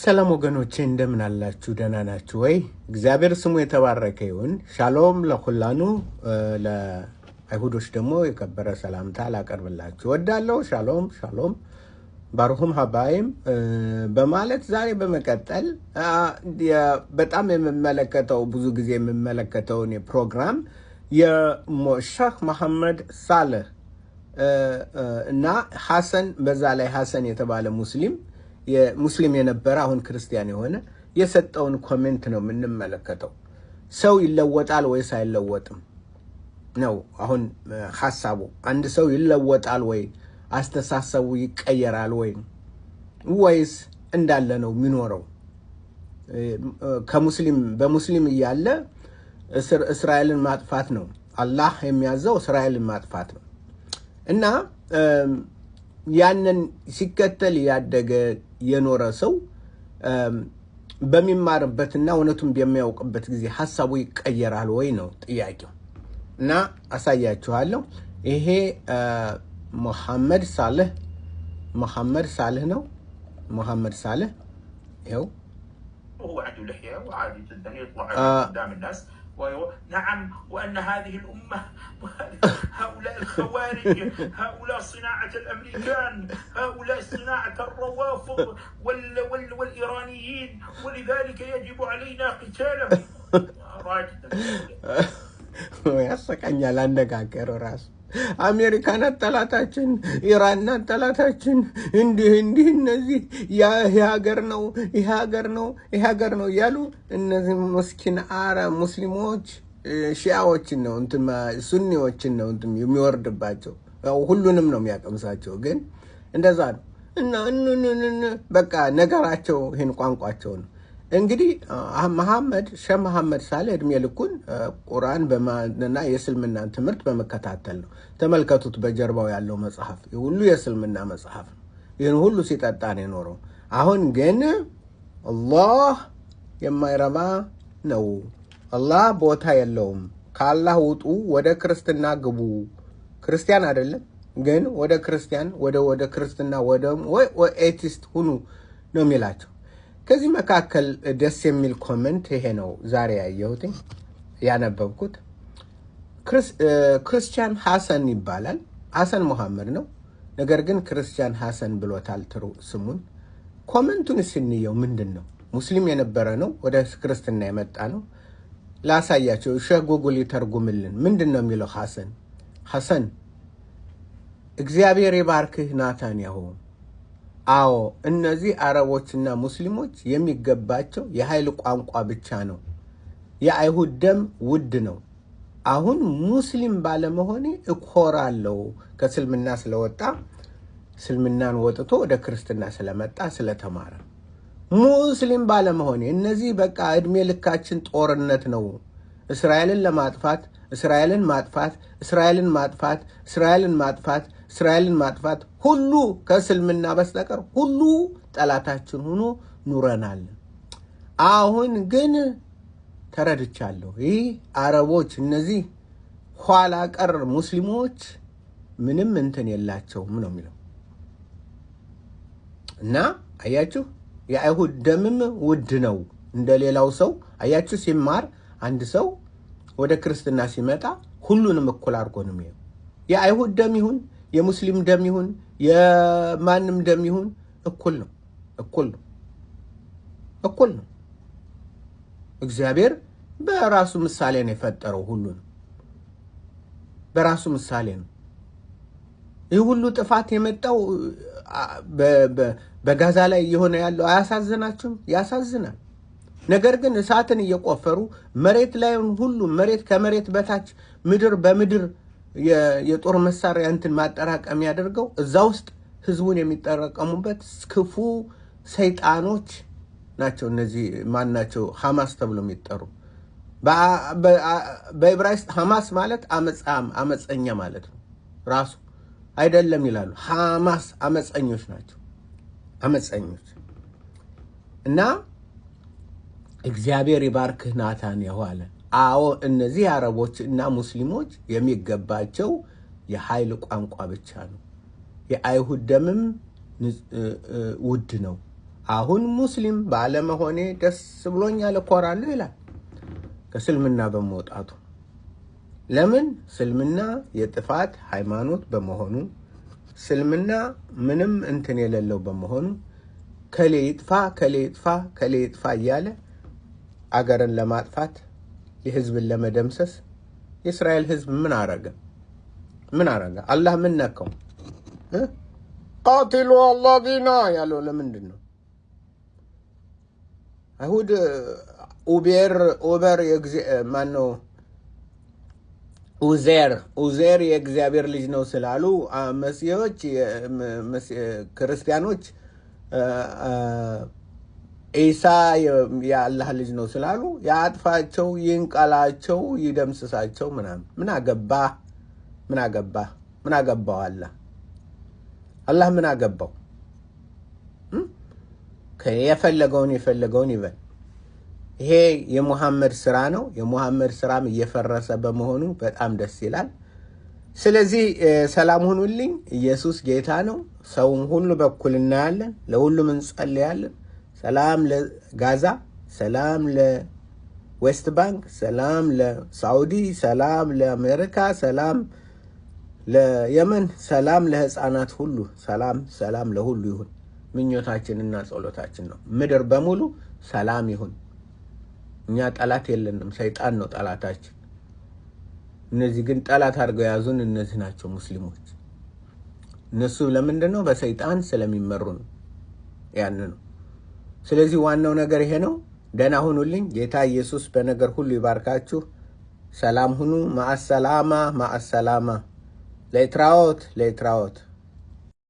ሰላም ወገኖቼ እንደምን አላችሁ? ደህና ናችሁ ወይ? እግዚአብሔር ስሙ የተባረከ ይሁን። ሻሎም ለሁላኑ፣ ለአይሁዶች ደግሞ የከበረ ሰላምታ ላቀርብላችሁ ወዳለው። ሻሎም ሻሎም፣ ባርሁም ሀባይም በማለት ዛሬ በመቀጠል በጣም የምመለከተው ብዙ ጊዜ የምመለከተውን ፕሮግራም የሼህ መሐመድ ሳልህ እና ሐሰን በዛ ላይ ሐሰን የተባለ ሙስሊም የሙስሊም የነበረ አሁን ክርስቲያን የሆነ የሰጠውን ኮሜንት ነው የምንመለከተው። ሰው ይለወጣል ወይስ አይለወጥም ነው አሁን ሀሳቡ። አንድ ሰው ይለወጣል ወይ አስተሳሰቡ ይቀየራል ወይ ወይስ እንዳለ ነው የሚኖረው? ከሙስሊም በሙስሊም እያለ እስራኤልን ማጥፋት ነው አላህ የሚያዘው፣ እስራኤልን ማጥፋት ነው እና ያንን ሲከተል ያደገ የኖረ ሰው በሚማርበትና እውነቱን በሚያውቅበት ጊዜ ሀሳቡ ይቀየራል ወይ ነው ጥያቄው። እና አሳያችኋለሁ። ይሄ መሐመድ ሳልህ መሐመድ ሳልህ ነው። መሐመድ ሳልህ ይኸው نعم وأن هذه الأمة هؤلاء الخوارج هؤلاء صناعة الأمريكان هؤلاء صناعة الروافض وال وال والإيرانيين ولذلك يجب علينا قتالهم آه، راجل ويحسك أن يلان راس አሜሪካናት ጠላታችን፣ ኢራንናት ጠላታችን። እንዲህ እንዲህ እነዚህ ይህ ሀገር ነው ይህ ሀገር ነው ይህ ሀገር ነው እያሉ እነዚህ ምስኪን አረ ሙስሊሞች ሺያዎችን ነው እንትን ሱኒዎችን ነው እንትን የሚወርድባቸው ሁሉንም ነው የሚያቀምሳቸው። ግን እንደዛ ነው እና በቃ ነገራቸው ይህን ቋንቋቸው ነው። እንግዲህ መሐመድ ሸህ መሐመድ ሳሌ እድሜ ልኩን ቁርአን በማንና የእስልምናን ትምህርት በመከታተል ነው። ተመልከቱት፣ በጀርባው ያለው መጽሐፍ ሁሉ የእስልምና መጽሐፍ ነው። ይህን ሁሉ ሲጠጣ ነው የኖረው። አሁን ግን አላህ የማይረባ ነው። አላህ ቦታ የለውም። ከአላህ ውጡ፣ ወደ ክርስትና ግቡ። ክርስቲያን አይደለም ግን ወደ ክርስቲያን ወደ ወደ ክርስትና ወደ ኤቲስት ሁኑ ነው የሚላቸው ከዚህ መካከል ደስ የሚል ኮመንት ይሄ ነው ዛሬ ያየሁት ያነበብኩት። ክርስቲያን ሀሰን ይባላል። ሀሰን መሐመድ ነው፣ ነገር ግን ክርስቲያን ሀሰን ብሎታል ትሩ ስሙን። ኮመንቱን ስንየው ምንድን ነው? ሙስሊም የነበረ ነው፣ ወደ ክርስትና የመጣ ነው። ላሳያቸው፣ ጉግል ይተርጉምልን። ምንድን ነው የሚለው? ሀሰን ሀሰን፣ እግዚአብሔር የባርክህ ናታንያሁ አዎ እነዚህ አረቦችና ሙስሊሞች የሚገባቸው የኃይል ቋንቋ ብቻ ነው። የአይሁድ ደም ውድ ነው። አሁን ሙስሊም ባለመሆኔ እኮራለሁ። ከእስልምና ስለወጣ እስልምናን ወጥቶ ወደ ክርስትና ስለመጣ ስለተማረ ሙስሊም ባለመሆኔ እነዚህ በቃ እድሜ ልካችን ጦርነት ነው። እስራኤልን ለማጥፋት እስራኤልን ማጥፋት እስራኤልን ማጥፋት እስራኤልን ማጥፋት እስራኤልን ማጥፋት ሁሉ ከእስልምና በስተቀር ሁሉ ጠላታችን ሆኖ ኑረናል። አሁን ግን ተረድቻለሁ። ይህ አረቦች እነዚህ ኋላ ቀር ሙስሊሞች ምንም እንትን የላቸውም ነው የሚለው እና አያችሁ፣ የአይሁድ ደምም ውድ ነው እንደ ሌላው ሰው አያችሁ። ሲማር አንድ ሰው ወደ ክርስትና ሲመጣ ሁሉንም እኩል አድርጎ ነው የሚለው የአይሁድ ደም ይሁን የሙስሊም ደም ይሁን የማንም ደም ይሁን እኩል ነው፣ እኩል ነው፣ እኩል ነው። እግዚአብሔር በራሱ ምሳሌ ነው የፈጠረው ሁሉንም በራሱ ምሳሌ ነው። ይህ ሁሉ ጥፋት የመጣው በጋዛ ላይ እየሆነ ያለው አያሳዝናችሁም? ያሳዝናል። ነገር ግን እሳትን እየቆፈሩ መሬት ላይን ሁሉ መሬት ከመሬት በታች ምድር በምድር የጦር መሳሪያ እንትን ማጠራቀም ያደርገው እዛ ውስጥ ህዝቡን የሚጠራቀሙበት ክፉ ሰይጣኖች ናቸው። እነዚህ ማን ናቸው? ሐማስ ተብሎ የሚጠሩ በዕብራይስጥ ሐማስ ማለት አመፃም አመፀኛ ማለት ነው ራሱ አይደለም ይላሉ። ሐማስ አመፀኞች ናቸው። አመፀኞች እና እግዚአብሔር ይባርክህ ናታን አለ። አዎ እነዚህ አረቦች እና ሙስሊሞች የሚገባቸው የኃይል ቋንቋ ብቻ ነው። የአይሁድ ደምም ውድ ነው። አሁን ሙስሊም ባለመሆኔ ደስ ብሎኛል፣ እኮራለሁ ይላል ከእስልምና በመውጣቱ። ለምን? እስልምና የጥፋት ሃይማኖት በመሆኑ እስልምና ምንም እንትን የሌለው በመሆኑ ከሌ ይጥፋ ከሌ ይጥፋ ከሌ ይጥፋ እያለ አገርን ለማጥፋት የህዝብን ለመደምሰስ የእስራኤል ህዝብ ምን አረገ? ምን አረገ? አላህ ምን ነካው? ቃትሉ አላዚና ያለው ለምንድን ነው? አይሁድ ኡቤር ኡበር ማነው ኡዜር ኡዜር የእግዚአብሔር ልጅ ነው ስላሉ መሲዎች ክርስቲያኖች ኢሳ የአላህ ልጅ ነው ስላሉ ያጥፋቸው፣ ይንቀላቸው፣ ይደምስሳቸው ምናምን ምን አገባ ምን አገባ ምን አገባው አላህ አላህ ምን አገባው? የፈለገውን የፈለገውን ይበል። ይሄ የሙሐመድ ስራ ነው። የሙሐመድ ስራም እየፈረሰ በመሆኑ በጣም ደስ ይላል። ስለዚህ ሰላም ሁኑልኝ። ኢየሱስ ጌታ ነው። ሰውም ሁሉ በኩል እናያለን። ለሁሉም እንጸልያለን። ሰላም ለጋዛ፣ ሰላም ለዌስት ባንክ፣ ሰላም ለሳውዲ፣ ሰላም ለአሜሪካ፣ ሰላም ለየመን፣ ሰላም ለህፃናት ሁሉ፣ ሰላም ሰላም ለሁሉ ይሁን። ምኞታችንና ጸሎታችን ነው። ምድር በሙሉ ሰላም ይሁን። እኛ ጠላት የለንም። ሰይጣን ነው ጠላታችን። እነዚህ ግን ጠላት አድርገው የያዙን እነዚህ ናቸው ሙስሊሞች። እነሱ ለምንድን ነው? በሰይጣን ስለሚመሩ ነው። ያን ነው ስለዚህ ዋናው ነገር ይሄ ነው። ደህና ሁኑልኝ። ጌታ ኢየሱስ በነገር ሁሉ ይባርካችሁ። ሰላም ሁኑ። ማአሰላማ ማአሰላማ። ለትራዎት ለትራዎት